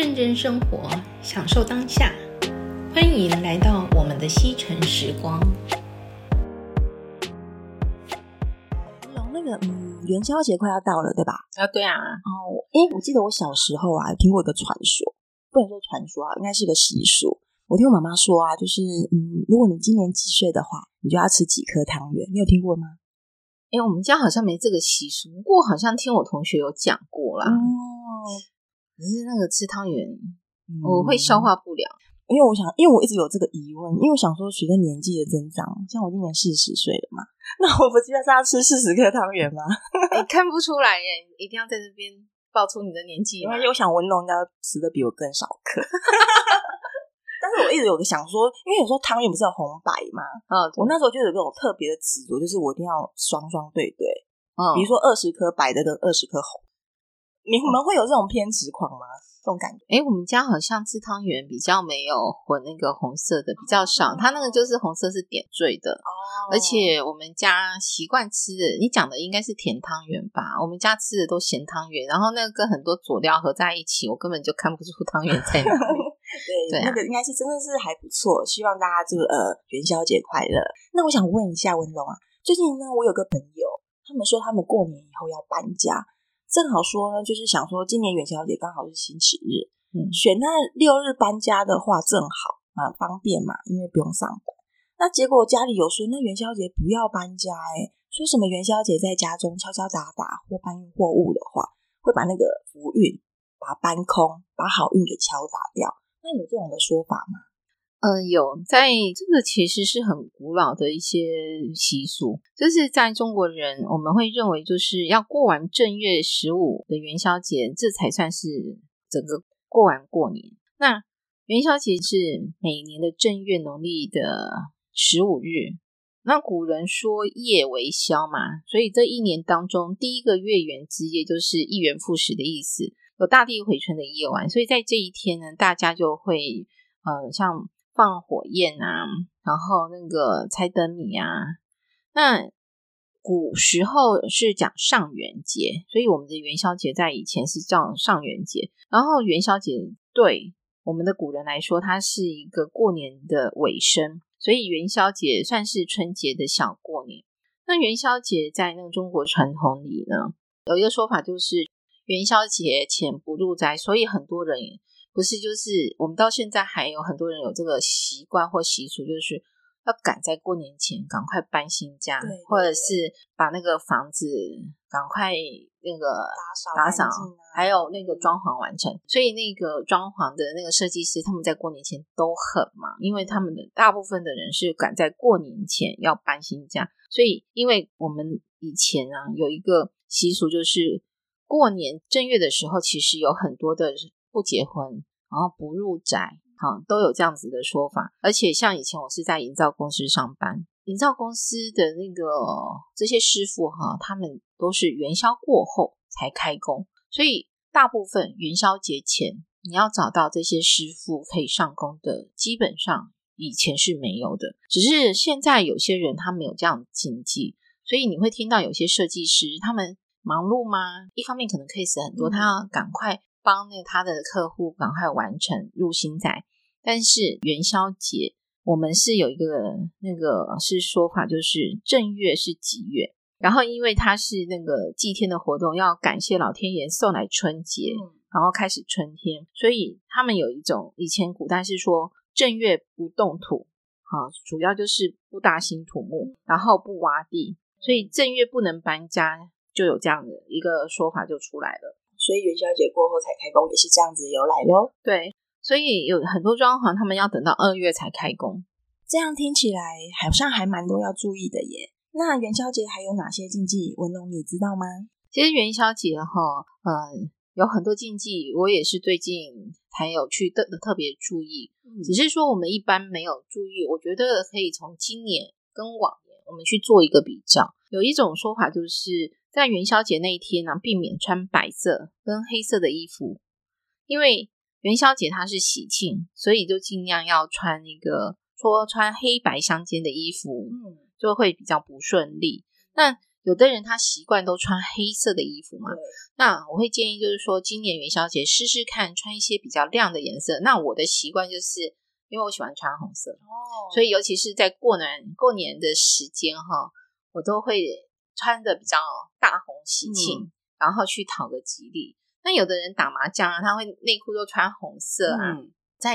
認真生活，享受當下。歡迎來到我們的西城時光。那個，嗯，元宵節快要到了，對吧？啊、哦，對啊。哦，哎、欸，我記得我小時候啊，聽過一個傳說，不能說傳說啊，應該是個習俗。我聽我媽媽說啊，就是，嗯，如果你今年幾歲的話，你就要吃幾顆湯圓。你有聽過嗎？哎、欸，我們家好像沒這個習俗，不過好像聽我同學有講過啦。哦、嗯。只是那個吃湯圓，嗯、我會消化不良。因為我想，因為我一直有這個疑問，因為我想說隨着年紀的增長，像我今年四十歲了嘛，那我不記得是要讓家吃四十顆湯圓嗎？欸。看不出來耶，一定要在這邊爆出你的年紀。因為我想問，老人家應該吃的比我更少顆。 但是我一直有個想說，因為有時候湯圓不是紅白嗎？哦、我那時候就有這種特別的執着，就是我一定要雙雙對對。嗯，比如說二十顆白的跟二十顆紅。你們會有這種偏執狂嗎？這種感覺？誒、欸、我們家好像吃湯圓比較沒有混那個紅色的，比較少。它那個就是紅色是點綴的，哦。而且我們家習慣吃的，你講的應該是甜湯圓吧？我們家吃的都鹹湯圓，然後那個跟很多佐料合在一起，我根本就看不出湯圓在哪裡。 對，對啊、那個應該是真的是還不錯。希望大家這個呃元宵節快樂。那我想問一下文龍啊，最近呢，我有個朋友，他們說他們過年以後要搬家。正好說呢，就是想說今年元宵節剛好是星期日，嗯，選那六日搬家的話正好啊，方便嘛，因為不用上班。那結果家裡有說，那元宵節不要搬家，欸，哎，說什麼元宵節在家中敲敲打打或搬運貨物的話，會把那個福運、把搬空、把好運給敲打掉。那有這種的說法嗎？嗯，有，在這個其實是很古老的一些習俗，就是在中國人我們會認為就是要過完正月十五的元宵節，這才算是整個過完過年。那元宵節是每年的正月農曆的十五日。那古人說夜為宵嘛，所以這一年當中第一個月圓之夜就是一元復始的意思，有大地回春的夜晚。所以在這一天呢，大家就會呃、嗯、像。放火焰啊，然後那個猜燈謎啊。那古時候是講上元節，所以我們的元宵節在以前是叫上元節。然後元宵節對我們的古人來說，它是一個過年的尾聲，所以元宵節算是春節的小過年。那元宵節在那個中國傳統裡呢，有一個說法就是元宵節前不入宅，所以很多人。不是，就是我們到現在還有很多人有這個習慣或習俗，就是要趕在過年前趕快搬新家，對對對，或者是把那個房子趕快那個打掃打掃，啊，還有那個裝潢完成。對。所以那個裝潢的那個設計師他們在過年前都很忙，因為他們的大部分的人是趕在過年前要搬新家。所以因為我們以前啊有一個習俗，就是過年正月的時候，其實有很多的不結婚。然後不入宅，哈，都有這樣子的說法。而且像以前我是在營造公司上班，營造公司的那個這些師傅哈，他們都是元宵過後才開工，所以大部分元宵節前你要找到這些師傅可以上工的，基本上以前是沒有的。只是現在有些人他們有這樣的禁忌，所以你會聽到有些設計師他們忙碌嗎？一方面可能 case 很多，他要趕快。幫那他的客戶趕快完成入新宅，但是元宵節我們是有一個那個是說法，就是正月是吉月，然後因為他是那個祭天的活動，要感謝老天爺送來春節，嗯、然後開始春天，所以他們有一種以前古代是說正月不動土，好，主要就是不大興土木，然後不挖地，所以正月不能搬家，就有這樣的一個說法就出來了。所以元宵節過後才開工也是這樣子由來咯。對，所以有很多裝潢他們要等到二月才開工。這樣聽起來好像還蠻多要注意的耶。那元宵節還有哪些禁忌？文龍，你知道嗎？其實元宵節哈，呃、嗯，有很多禁忌，我也是最近才有去特特別注意，只是說我們一般沒有注意。我覺得可以從今年跟往年我們去做一個比較。有一種說法就是。在元宵節那一天呢，避免穿白色跟黑色的衣服，因為元宵節它是喜慶，所以就盡量要穿那個說穿黑白相間的衣服，就會比較不順利。但有的人他習慣都穿黑色的衣服嘛，對那我會建議就是說，今年元宵節試試看穿一些比較亮的顏色。那我的習慣就是因為我喜歡穿紅色，哦、所以尤其是在過年過年的時間哈、哦，我都會。穿的比較大紅喜慶，嗯、然後去討個吉利。那有的人打麻將啊，他會內褲都穿紅色啊。嗯、在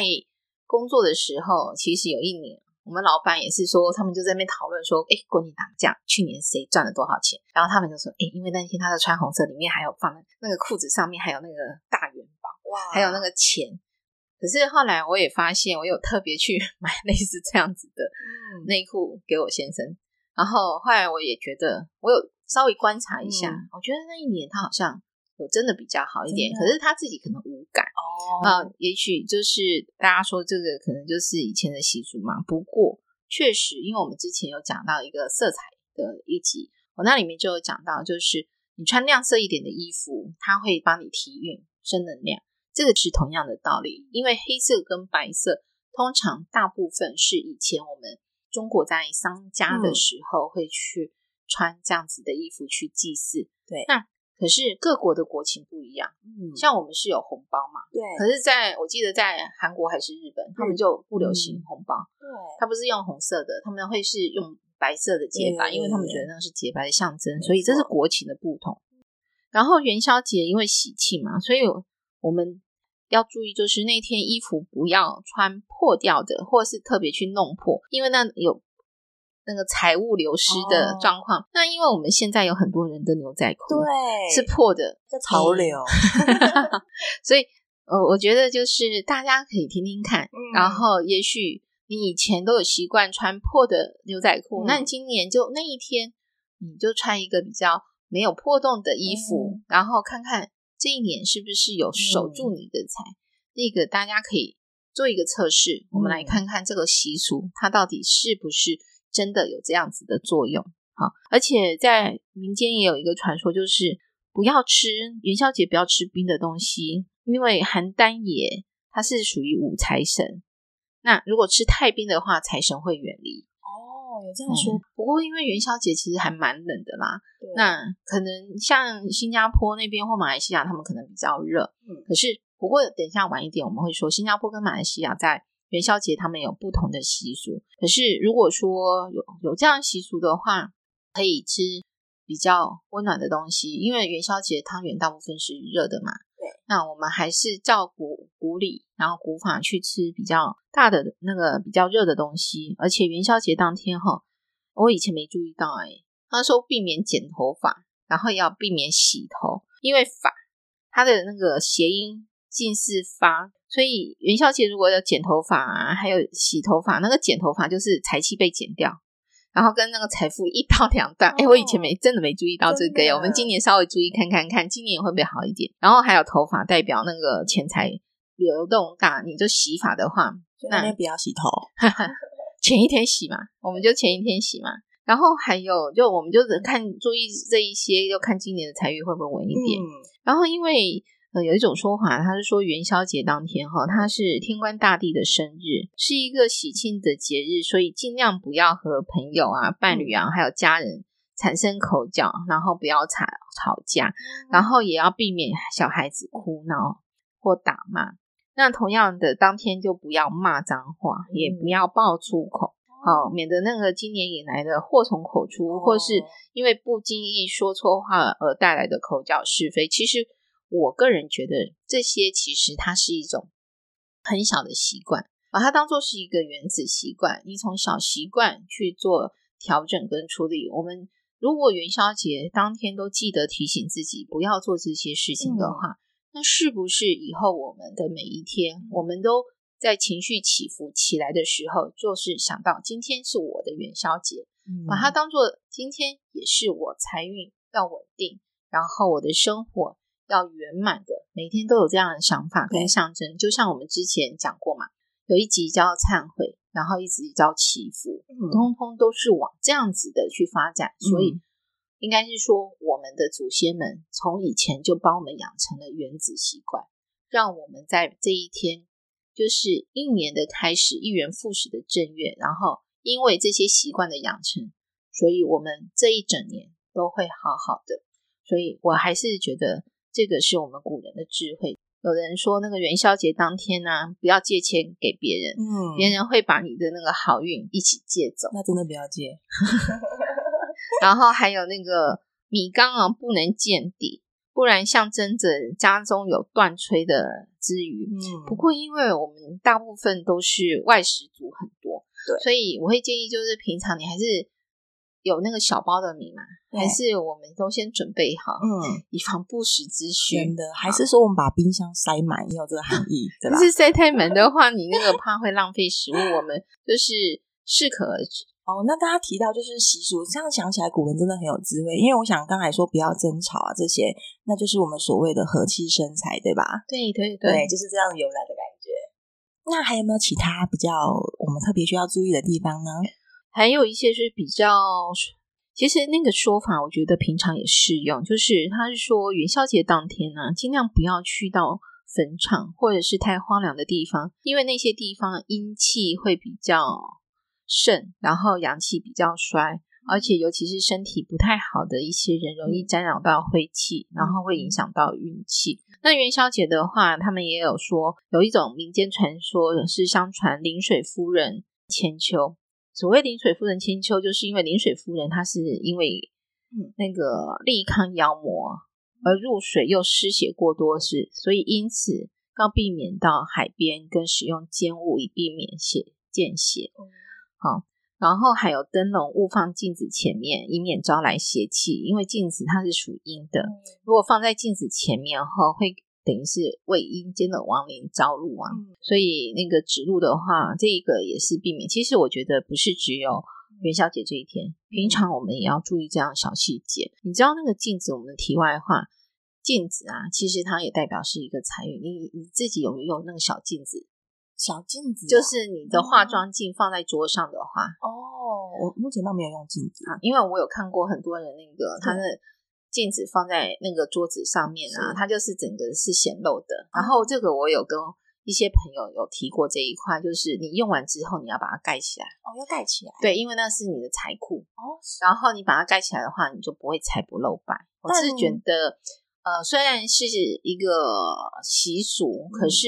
工作的時候，其實有一年，我們老闆也是說，他們就在那邊討論說：“哎、欸，過年打麻將，去年誰賺了多少錢？”然後他們就說：“哎、欸，因為那天他的穿紅色，裡面還有放那個褲子上面還有那個大元寶，哇還有那個錢。”可是後來我也發現，我有特別去買類似這樣子的內褲給我先生。然後後來我也覺得，我有稍微觀察一下，嗯、我覺得那一年他好像有真的比較好一點，的可是他自己可能無感哦。呃、Oh. 嗯、也許就是大家說這個可能就是以前的習俗嘛。不過確實，因為我們之前有講到一個色彩的一集，我那裡面就有講到，就是你穿亮色一點的衣服，它會幫你提運升能量，這個是同樣的道理。因為黑色跟白色，通常大部分是以前我們。中國在商家的時候，會去穿這樣子的衣服去祭祀，對、嗯。那可是各國的國情不一樣，嗯，像我們是有紅包嘛，對。可是在我記得在韓國還是日本，對他們就不流行紅包，對、嗯。他不是用紅色的，他們會是用白色的潔白，對因為他們覺得那是潔白的象徵，對所以這是國情的不同。對然後元宵節因為喜慶嘛，所以我們。要注意，就是那天衣服不要穿破掉的，或是特別去弄破，因為那有那個財務流失的狀況。哦、那因為我們現在有很多人的牛仔褲對是破的潮流，嗯、 所以呃，我覺得就是大家可以聽聽看，嗯、然後也許你以前都有習慣穿破的牛仔褲，嗯、那你今年就那一天你就穿一個比較沒有破洞的衣服，嗯、然後看看。這一年是不是有守住你的財？那、嗯、個大家可以做一個測試，我們來看看這個習俗、嗯、它到底是不是真的有這樣子的作用。好，而且在民間也有一個傳說，就是不要吃元宵節不要吃冰的東西，因為寒單爺它是屬於武財神，那如果吃太冰的話，財神會遠離。哦，有這樣說，不過因為元宵節其實還蠻冷的啦。嗯，那可能像新加坡那邊或馬來西亞，他們可能比較熱。嗯，可是不過等一下晚一點我們會說，新加坡跟馬來西亞在元宵節他們有不同的習俗。可是如果說有有這樣習俗的話，可以吃比較溫暖的東西，因為元宵節湯圓大部分是熱的嘛。那我們還是照古古禮，然後古法去吃比較大的那個比較熱的東西。而且元宵節當天哈，我以前沒注意到哎，他說避免剪頭髮，然後要避免洗頭，因為髮它的那個諧音近似發，所以元宵節如果有剪頭髮啊，還有洗頭髮，那個剪頭髮就是財氣被剪掉。然後跟那個財富一刀兩斷。哎，我以前沒真的沒注意到這個，啊、我們今年稍微注意看看看，今年會不會好一點？然後還有頭髮代表那個錢財流動大，你就洗髮的話，那，那不要洗頭， 前一天洗嘛，我們就前一天洗嘛。然後還有就我們就看注意這一些，就看今年的財運會不會穩一點。嗯、然後因為。呃，有一種說法、啊，他是說元宵節當天哈、哦，他是天官大帝的生日，是一個喜慶的節日，所以盡量不要和朋友啊、伴侶啊，還有家人產生口角，然後不要吵吵架，然後也要避免小孩子哭鬧或打罵。那同樣的，當天就不要罵髒話，也不要爆粗口，嗯、哦，免得那個今年以來的禍從口出，或是因為不經意說錯話而帶來的口角是非，其實。我個人覺得這些其實它是一種很小的習慣，把它當做是一個原子習慣，你從小習慣去做調整跟處理。我們如果元宵節當天都記得提醒自己不要做這些事情的話，嗯、那是不是以後我們的每一天，我們都在情緒起伏起來的時候，就是想到今天是我的元宵節，嗯、把它當做今天也是我財運要穩定，然後我的生活。要圓滿的，每天都有這樣的想法跟象徵，對就像我們之前講過嘛，有一集叫懺悔，然後一集叫祈福，嗯、通通都是往這樣子的去發展。嗯、所以應該是說，我們的祖先們從以前就幫我們養成了原子習慣，讓我們在這一天，就是一年的開始，一元復始的正月，然後因為這些習慣的養成，所以我們這一整年都會好好的。所以我還是覺得。這個是我們古人的智慧。有人說，那個元宵節當天呢，啊，不要借錢給別人，嗯、別人會把你的那個好運一起借走。那真的不要借。 然後還有那個米缸啊，不能見底，不然象徵着家中有斷炊的之虞。嗯、不過因為我們大部分都是外食族很多，對，所以我會建議，就是平常你還是。有那個小包的米嗎？還是我們都先準備好，嗯，以防不時之需。真的，好還是說我們把冰箱塞滿也有這個含義， 對吧？就是塞太滿的話， 你那個怕會浪費食物。我們就是適可而止。哦，那大家提到就是習俗，這樣想起來，古人真的很有滋味。因為我想剛才說不要爭吵啊，這些，那就是我們所謂的和氣生財，對吧？對對對,對，就是這樣由來的感覺。那還有沒有其他比較我們特別需要注意的地方呢？還有一些是比較，其實那個說法，我覺得平常也適用，就是他是說元宵節當天呢、啊，儘量不要去到墳場或者是太荒涼的地方，因為那些地方陰氣會比較盛，然後陽氣比較衰，而且尤其是身體不太好的一些人，容易沾染到晦氣，然後會影響到運氣。那元宵節的話，他們也有說有一種民間傳說，是相傳臨水夫人千秋。所謂“臨水夫人千秋”，就是因為臨水夫人她是因為那個力抗妖魔而入水，又失血過多，是所以因此要避免到海邊，跟使用尖物以避免血見血。好，然後還有燈籠勿放鏡子前面，以免招來邪氣，因為鏡子它是屬陰的，如果放在鏡子前面後會。等於是為陰間的亡靈招入啊，嗯、所以那個指路的話，這一個也是避免。其實我覺得不是只有元宵節這一天，嗯、平常我們也要注意這樣小細節。嗯、你知道那個鏡子，我們的題外話，鏡子啊，其實它也代表是一個財運。你你自己有沒有那個小鏡子？小鏡子、啊、就是你的化妝鏡放在桌上的話，哦，我目前倒沒有用鏡子，啊，因為我有看過很多人的那個他的。鏡子放在那個桌子上面啊，是它就是整個是顯露的。嗯、然後這個我有跟一些朋友有提過這一塊，就是你用完之後你要把它蓋起來哦，要蓋起來。對，因為那是你的財庫哦。然後你把它蓋起來的話，你就不會財不露白。但我是覺得，呃，雖然是一個習俗，嗯、可是。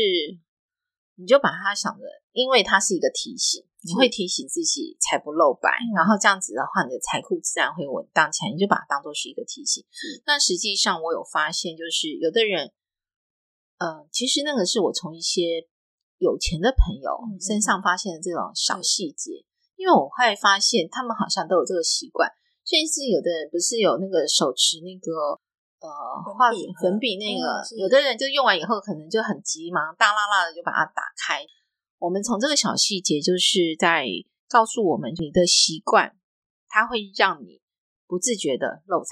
你就把它想着，因為它是一個提醒，你會提醒自己財不露白，然後這樣子的話，你的財庫自然會穩當起來。你就把它當做是一個提醒。但、嗯、實際上，我有發現，就是有的人，呃，其實那個是我從一些有錢的朋友身上發現的這種小細節，嗯、因為我會發現他們好像都有這個習慣，甚至有的人不是有那個手持那個。呃，畫、哦、粉筆那個，嗯、有的人就用完以後可能就很急忙，大剌剌的就把它打開。我們從這個小細節就是在告訴我們，你的習慣它會讓你不自覺的漏財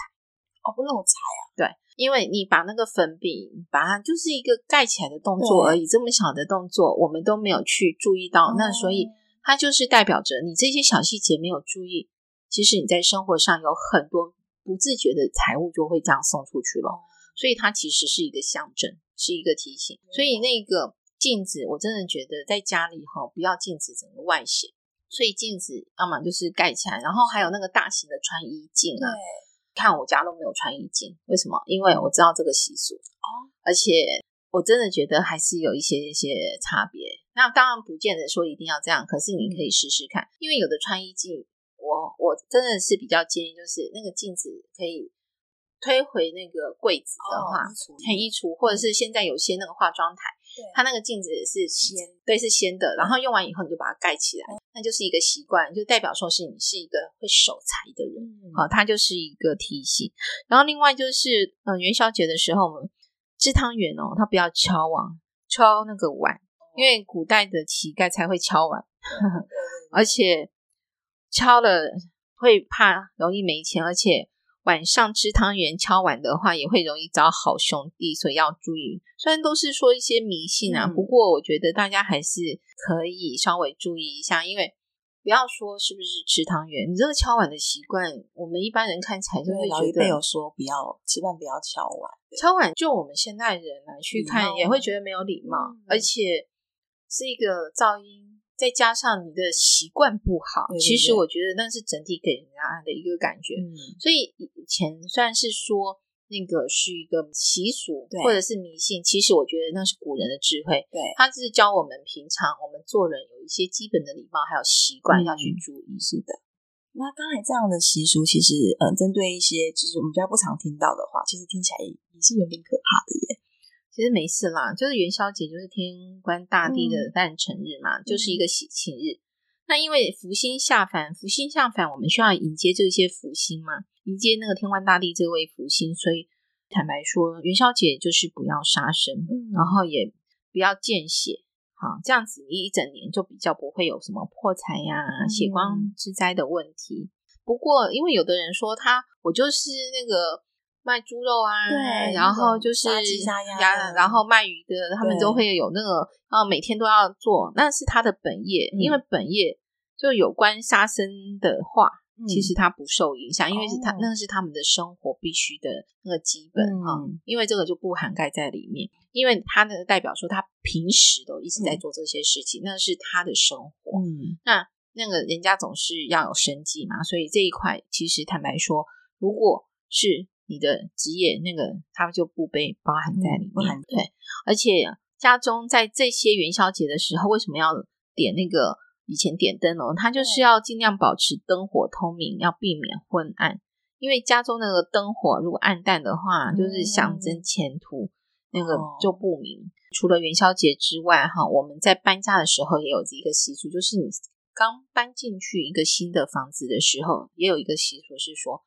哦，不漏財啊，對，因為你把那個粉筆把它就是一個蓋起來的動作而已，嗯、這麼小的動作，我們都沒有去注意到，嗯、那所以它就是代表着你這些小細節沒有注意，其實你在生活上有很多。不自覺的財物就會這樣送出去了，所以它其實是一個象徵，是一個提醒。所以那個鏡子，我真的覺得在家裡哈、哦，不要鏡子整個外顯，所以鏡子要麼就是蓋起來，然後還有那個大型的穿衣鏡啊，對看我家都沒有穿衣鏡，為什麼？因為我知道這個習俗哦，而且我真的覺得還是有一些一些差別。那當然不見得說一定要這樣，可是你可以試試看，因為有的穿衣鏡。我真的是比較建議，就是那個鏡子可以推回那個櫃子的話，很、哦、衣櫥，或者是現在有些那個化妝台，對它那個鏡子是掀，仙對，是掀的。然後用完以後你就把它蓋起來，嗯、那就是一個習慣，就代表說是你是一個會守財的人啊、嗯哦。它就是一個提醒。然後另外就是，呃元宵節的時候我們吃湯圓哦，它不要敲碗，敲那個碗，因為古代的乞丐才會敲碗、嗯，而且。敲了會怕容易沒錢，而且晚上吃湯圓敲碗的話，也會容易找好兄弟，所以要注意。雖然都是說一些迷信啊，嗯，不過我覺得大家還是可以稍微注意一下，因為不要說是不是吃湯圓，你這個敲碗的習慣，我們一般人看起來就會覺得沒有說不要吃飯不要敲碗，敲碗就我們現代人來去看也會覺得沒有禮貌，而且是一個噪音。再加上你的習慣不好，對對對，其實我覺得那是整體給人家的一個感覺。嗯、所以以前雖然是說那個是一個習俗，或者是迷信，對其實我覺得那是古人的智慧。對，他是教我們平常我們做人有一些基本的禮貌，還有習慣要去注意對是的。那剛才這樣的習俗，其實呃，針對一些就是我們比較不常聽到的話，其實聽起來也是有點可怕的耶。其實沒事啦，就是元宵節，就是天官大帝的誕辰日嘛，嗯、就是一個喜慶日。嗯、那因為福星下凡，福星下凡，我們需要迎接這些福星嘛，迎接那個天官大帝這位福星。所以坦白說，元宵節就是不要殺生，嗯、然後也不要見血，好，這樣子你一整年就比較不會有什麼破財呀、啊、嗯、血光之災的問題。不過，因為有的人說他，我就是那個。賣豬肉啊，然後就是鴨，然後賣魚的，他們都會有那個，啊，每天都要做，那是他的本業。因為本業就有關殺生的話，其實他不受影響，因為是他那個是他們的生活必須的那個基本啊。因為這個就不涵蓋在裡面，因為他那個代表說他平時都一直在做這些事情，那是他的生活。嗯，那那個人家總是要有生計嘛，所以這一塊其實坦白說，如果是。你的職業那個，他們就不被包含在裡面。對，而且家中在這些元宵節的時候，為什麼要點那個以前點燈籠？它就是要盡量保持燈火通明，要避免昏暗。因為家中那個燈火如果暗淡的話，就是象徵前途那個就不明。除了元宵節之外，哈，我們在搬家的時候也有一個習俗，就是你剛搬進去一個新的房子的時候，也有一個習俗是說。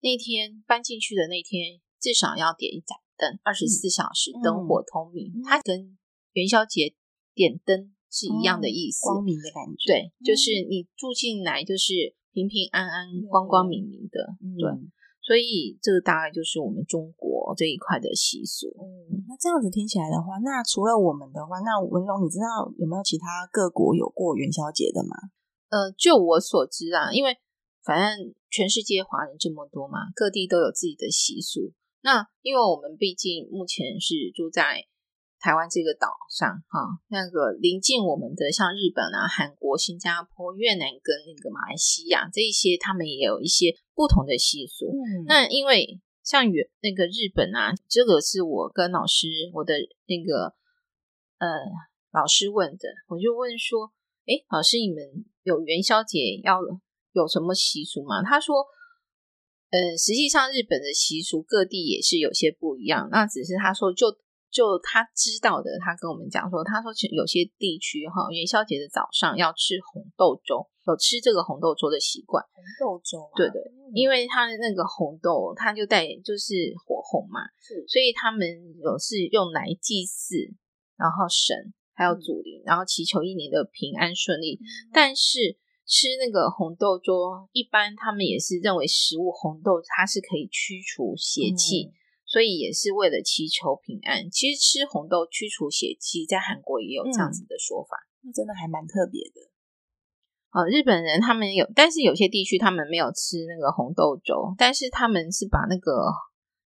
那天搬進去的那天，至少要點一盞燈，二十四小時燈火通明。嗯嗯、它跟元宵節點燈是一樣的意思，嗯、光明的感覺。對，嗯、就是你住進來就是平平安安、嗯、光光明明的。嗯、對，所以這個大概就是我們中國這一塊的習俗。嗯，那這樣子聽起來的話，那除了我們的話，那文榮，你知道有沒有其他各國有過元宵節的嗎？呃，就我所知啊，因為反正。全世界華人這麼多嘛，各地都有自己的習俗。那因為我們畢竟目前是住在台灣這個島上，哈、啊，那個臨近我們的像日本啊、韓國、新加坡、越南跟那個馬來西亞這一些，他們也有一些不同的習俗。嗯、那因為像那個日本啊，這個是我跟老師我的那個呃老師問的，我就問說，哎、欸，老師你們有元宵節要了？有什麼習俗嗎？他說，嗯，實際上日本的習俗各地也是有些不一樣。那只是他說就，就就他知道的，他跟我們講說，他說有些地區哈、哦、元宵節的早上要吃紅豆粥，有吃這個紅豆粥的習慣。紅豆粥、啊，對對的，嗯、因為他的那個紅豆，他就帶就是火紅嘛，嗯、所以他們有是用來祭祀，然後神還有祖靈，嗯、然後祈求一年的平安順利。嗯、但是。吃那個紅豆粥，一般他們也是認為食物紅豆它是可以驅除邪氣，嗯、所以也是為了祈求平安。其實吃紅豆驅除邪氣，在韓國也有這樣子的說法，那、嗯、真的還蠻特別的、哦。日本人他們有，但是有些地區他們沒有吃那個紅豆粥，但是他們是把那個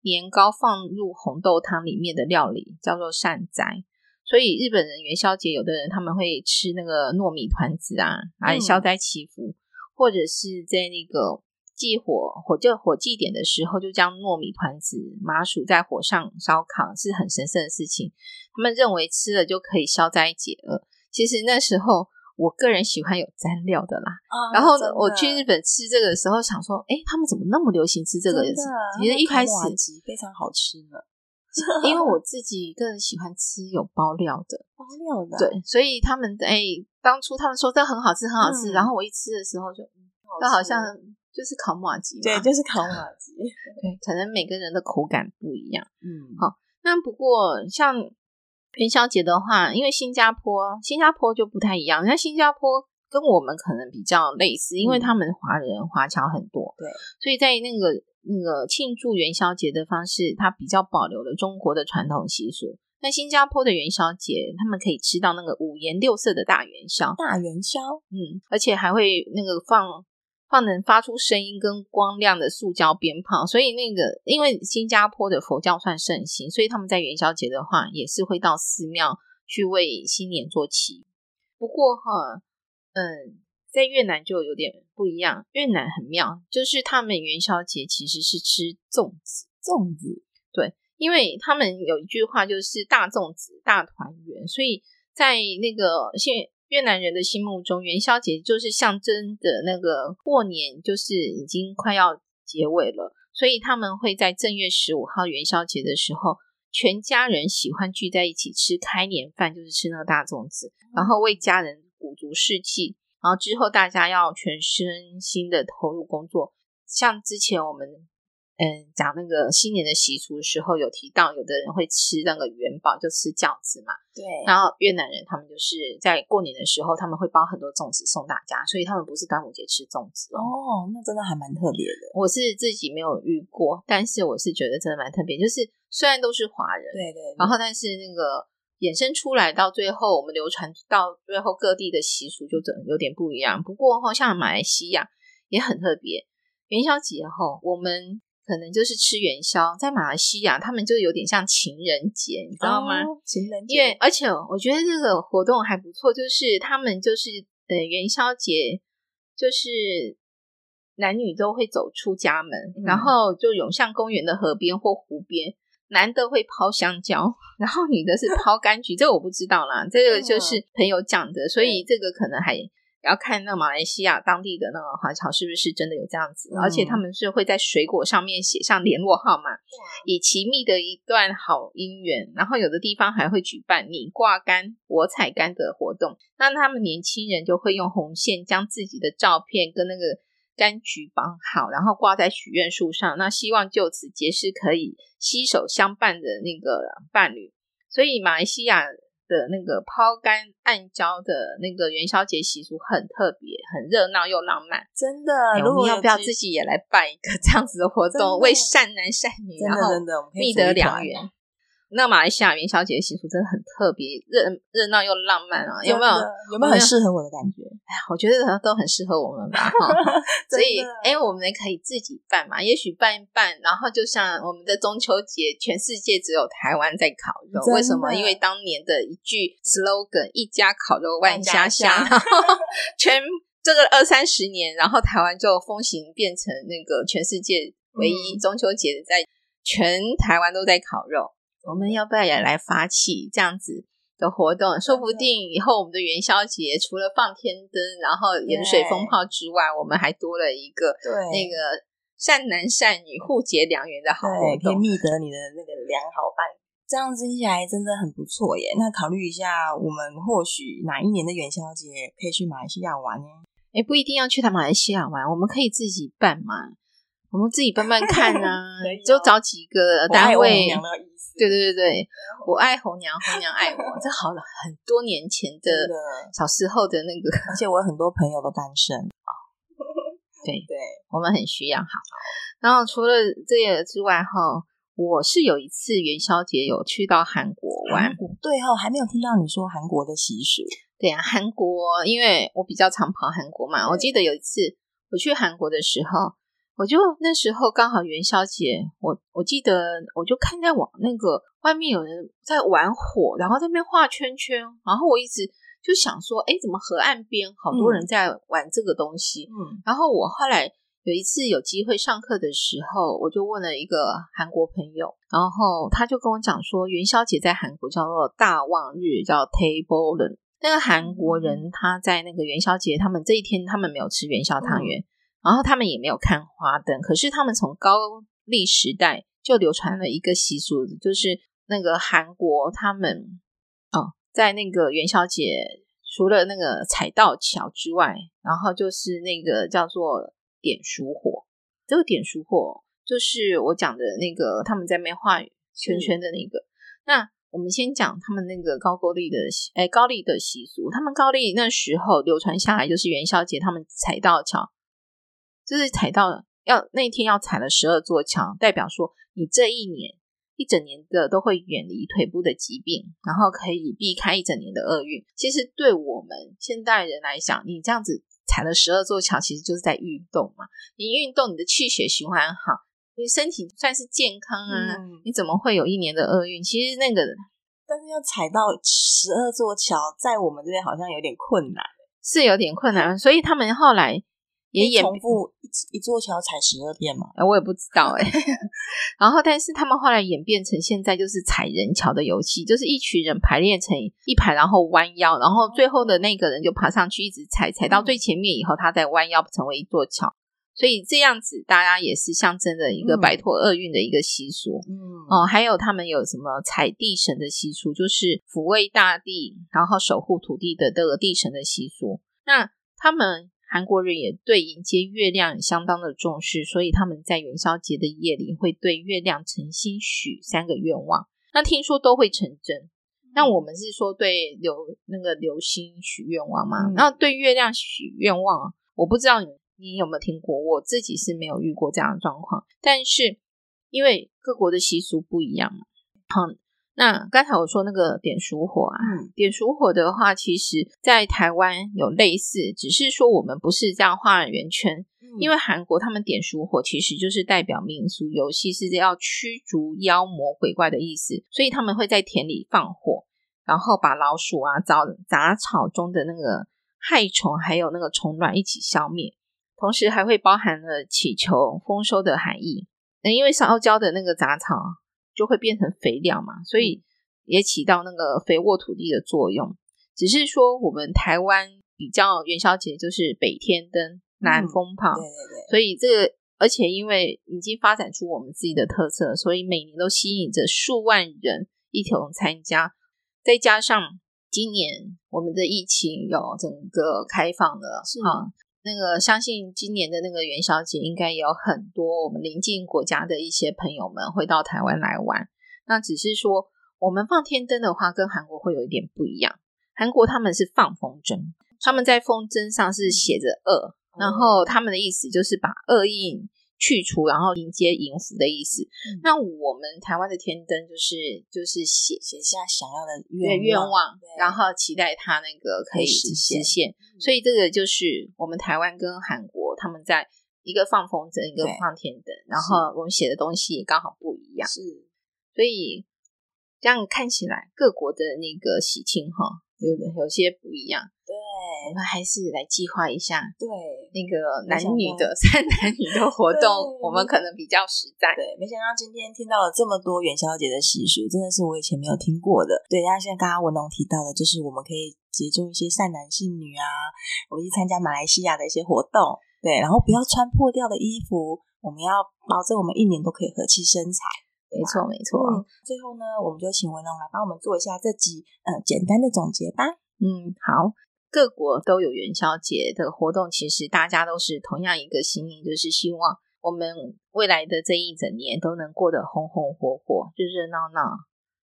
年糕放入紅豆湯裡面的料理，叫做善哉。所以日本人元宵節，有的人他們會吃那個糯米團子啊，來消災祈福，嗯、或者是在那個祭火、火祭、就火祭點的時候，就將糯米團子、麻糬在火上燒烤，是很神聖的事情。他們認為吃了就可以消災解厄。其實那時候，我個人喜歡有蘸料的啦。哦、然後我去日本吃這個的時候，想說，哎真的，他們怎麼那麼流行吃這個？真的其實一開始非常好吃的。因為我自己更喜歡吃有包料的，包料的，對，所以他們哎、欸，當初他們說這很好吃，很好吃。嗯、然後我一吃的時候就，那好，好像就是烤麻糬，對，就是烤麻糬。對，對可能每個人的口感不一樣，嗯，好。那不過像元宵節的話，因為新加坡，新加坡就不太一樣。像新加坡跟我們可能比較類似，因為他們華人華僑很多，嗯、對，所以在那個。那個慶祝元宵節的方式，它比較保留了中國的傳統習俗。那新加坡的元宵節，他們可以吃到那個五顏六色的大元宵，大元宵，嗯，而且還會那個放放能發出聲音跟光亮的塑膠鞭炮。所以那個，因為新加坡的佛教算盛行，所以他們在元宵節的話，也是會到寺廟去為新年做起。不過哈，嗯，在越南就有點，不一樣，越南很妙，就是他們元宵節其實是吃粽子，粽子對，因為他們有一句話就是“大粽子大團圓”，所以在那個現越南人的心目中，元宵節就是象徵的那個過年就是已經快要結尾了，所以他們會在正月十五號元宵節的時候，全家人喜歡聚在一起吃開年飯，就是吃那個大粽子，然後為家人鼓足士氣。然後之後大家要全身心的投入工作，像之前我們嗯講那個新年的習俗的時候，有提到有的人會吃那個元寶，就吃餃子嘛。對。然後越南人他們就是在過年的時候，他們會包很多粽子送大家，所以他們不是端午節吃粽子哦。哦，那真的還蠻特別的。我是自己沒有遇過，但是我是覺得真的蠻特別，就是雖然都是華人，對對對，然後但是那個。衍生出來到最後，我們流傳到最後各地的習俗就整有點不一樣。不過好像馬來西亞也很特別，元宵節後我們可能就是吃元宵，在馬來西亞他們就有點像情人節，你知道嗎？哦、情人節。因為而且我覺得這個活動還不錯，就是他們就是呃元宵節就是男女都會走出家門，嗯、然後就湧向公園的河邊或湖邊。男的會拋香蕉，然後女的是拋柑橘， 這我不知道啦，這個就是朋友講的，嗎所以這個可能還要看那馬來西亞當地的那個華僑是不是真的有這樣子，嗯、而且他們是會在水果上面寫上聯絡號碼，嗯、以奇密的一段好姻緣，然後有的地方還會舉辦你掛柑我採柑的活動，那他們年輕人就會用紅線將自己的照片跟那個。柑橘綁好，然後掛在許願樹上。那希望就此結識可以攜手相伴的那個伴侶。所以馬來西亞的那個拋柑暗蕉的那個元宵節習俗很特別，很熱鬧又浪漫。真的，你、欸、要不要自己也來辦一個這樣子的活動，為善男善女，然後覓得良緣。那馬來西亞元宵節的習俗真的很特別，熱熱鬧又浪漫啊！有沒有對有沒有很適合我的感覺？哎呀，我覺得都很適合我們吧。哈、 哦，所以哎的、欸，我們可以自己辦嘛。也許辦一辦，然後就像我們的中秋節，全世界只有台灣在烤肉。的為什麼？因為當年的一句 slogan“ 一家烤肉萬家香，家 全這個二三十年，然後台灣就風行，變成那個全世界唯一中秋節在、嗯、全台灣都在烤肉。我們要不要也來發起這樣子的活動？說不定以後我們的元宵節除了放天燈，然後鹽水蜂炮之外，對我們還多了一個對那個善男善女互結良緣的好活動，可以覓得你的那個良好伴侶，這樣子聽起來真的很不錯耶。那考慮一下，我們或許哪一年的元宵節可以去馬來西亞玩？呢？哎、欸，不一定要去他馬來西亞玩，我們可以自己辦嘛，我們自己辦辦看啊， 哦、就找幾個單位。我對對對對，我愛紅娘，紅娘愛我。這好了很多年前的 的小時候的那個，而且我很多朋友都單身對 對，對我們很需要哈。然後除了這些之外哈，我是有一次元宵節有去到韓國玩。國對哈、哦，還沒有聽到你說韓國的習俗。對呀、啊，韓國因為我比較常跑韓國嘛，對我記得有一次我去韓國的時候。我就那時候剛好元宵節，我我記得我就看在我那個外面有人在玩火，然後在那邊畫圈圈，然後我一直就想說，哎，怎麼河岸邊好多人在玩這個東西？嗯，然後我後來有一次有機會上課的時候，我就問了一個韓國朋友，然後他就跟我講說，元宵節在韓國叫做大望日，叫 Table。那個韓國人他在那個元宵節，他們這一天他們沒有吃元宵湯圓。嗯然後他們也沒有看花燈，可是他們從高麗時代就流傳了一個習俗，就是那個韓國他們哦，在那個元宵節除了那個踩到橋之外，然後就是那個叫做點鼠火，這個點鼠火就是我講的那個他們在那畫圈圈的那個。是那我們先講他們那個高句麗的，哎，高麗的習俗，他們高麗那時候流傳下來就是元宵節他們踩到橋。就是踩到要那天要踩了十二座橋，代表說你這一年一整年的都會遠離腿部的疾病，然後可以避開一整年的厄運。其實對我們現代人來講，你這樣子踩了十二座橋，其實就是在運動嘛。你運動，你的氣血循環好，你身體算是健康啊。嗯，你怎麼會有一年的厄運？其實那個，但是要踩到十二座橋，在我們這邊好像有點困難，是有點困難。所以他們後來。也演，重複一一座橋踩十二遍嘛？哎，我也不知道哎、欸。 然後，但是他們後來演變成現在就是踩人橋的遊戲，就是一群人排列成一排，然後彎腰，然後最後的那個人就爬上去，一直踩，踩到最前面以後，他再彎腰成為一座橋。所以這樣子，大家也是象徵着一個擺脫厄運的一個習俗。嗯哦、嗯，還有他們有什麼踩地神的習俗，就是撫慰大地，然後守護土地的這個地神的習俗。那他們。韓國人也對迎接月亮相當的重視，所以他們在元宵節的夜裡會對月亮誠心許三個願望，那聽說都會成真。那我們是說對流那個流星許願望嗎？嗯、那對月亮許願望，我不知道你，你有沒有聽過，我自己是沒有遇過這樣的狀況，但是因為各國的習俗不一樣嘛。那剛才我說那個點屬火啊，嗯、點屬火的話，其實，在台灣有類似，只是說我們不是這樣畫圓圈，嗯、因為韓國他們點屬火其實就是代表民俗遊戲，是要驅逐妖魔鬼怪的意思，所以他們會在田裡放火，然後把老鼠啊、雜雜草中的那個害蟲，還有那個蟲卵一起消滅，同時還會包含了祈求豐收的含義，嗯，因為燒焦的那個雜草。就會變成肥料嘛，所以也起到那個肥沃土地的作用。只是說，我們台灣比較元宵節就是北天燈、嗯、南風炮，對對對。所以這個，而且因為已經發展出我們自己的特色，所以每年都吸引着數萬人一同參加。再加上今年我們的疫情有整個開放了是啊。那個相信今年的那個元宵節應該有很多我們鄰近國家的一些朋友們會到台灣來玩。那只是說我們放天燈的話，跟韓國會有一點不一樣。韓國他們是放風箏，他們在風箏上是寫着惡，嗯、然後他們的意思就是把惡意。去除，然後迎接迎福的意思。嗯、那我們台灣的天燈就是就是寫寫下想要的願望對願望，對然後期待它那個可以實現。所以這個就是我們台灣跟韓國他們在一個放風箏，對一個放天燈，然後我們寫的東西剛好不一樣。是，所以這樣看起來各國的那個喜慶哈、哦，有有些不一樣。我們還是來計劃一下，對那個男女的善男女的活動， 對我們可能比較實在。對，沒想到今天聽到了這麼多元宵節的習俗，真的是我以前沒有聽過的。對，像現在剛剛文龍提到的，就是我們可以接種一些善男信女啊，我們去參加馬來西亞的一些活動。對，然後不要穿破掉的衣服，我們要保證我們一年都可以和氣生財。沒錯，沒錯、啊。最後呢，我們就請文龍來幫我們做一下這集嗯、呃、簡單的總結吧。嗯，好。各國都有元宵節的活動，其實大家都是同樣一個心意，就是希望我們未來的這一整年都能過得紅紅火火、熱熱鬧鬧。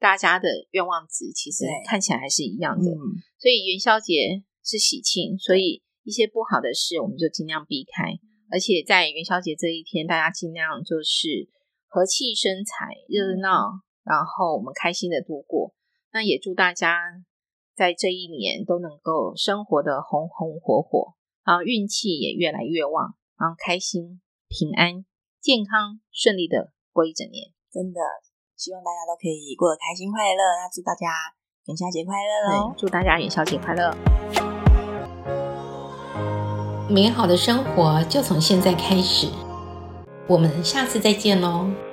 大家的願望值其實看起來還是一樣的，對所以元宵節是喜慶，嗯、所以一些不好的事我們就盡量避開。而且在元宵節這一天，大家盡量就是和氣生財、熱鬧，嗯、然後我們開心的度過。那也祝大家，在這一年都能夠生活得紅紅火火，然後運氣也越來越旺，然後開心、平安、健康、順利的過一整年。真的希望大家都可以過得開心快樂。那祝大家元宵節快樂嘍！祝大家元宵節快樂！美好的生活就從現在開始，我們下次再見嘍！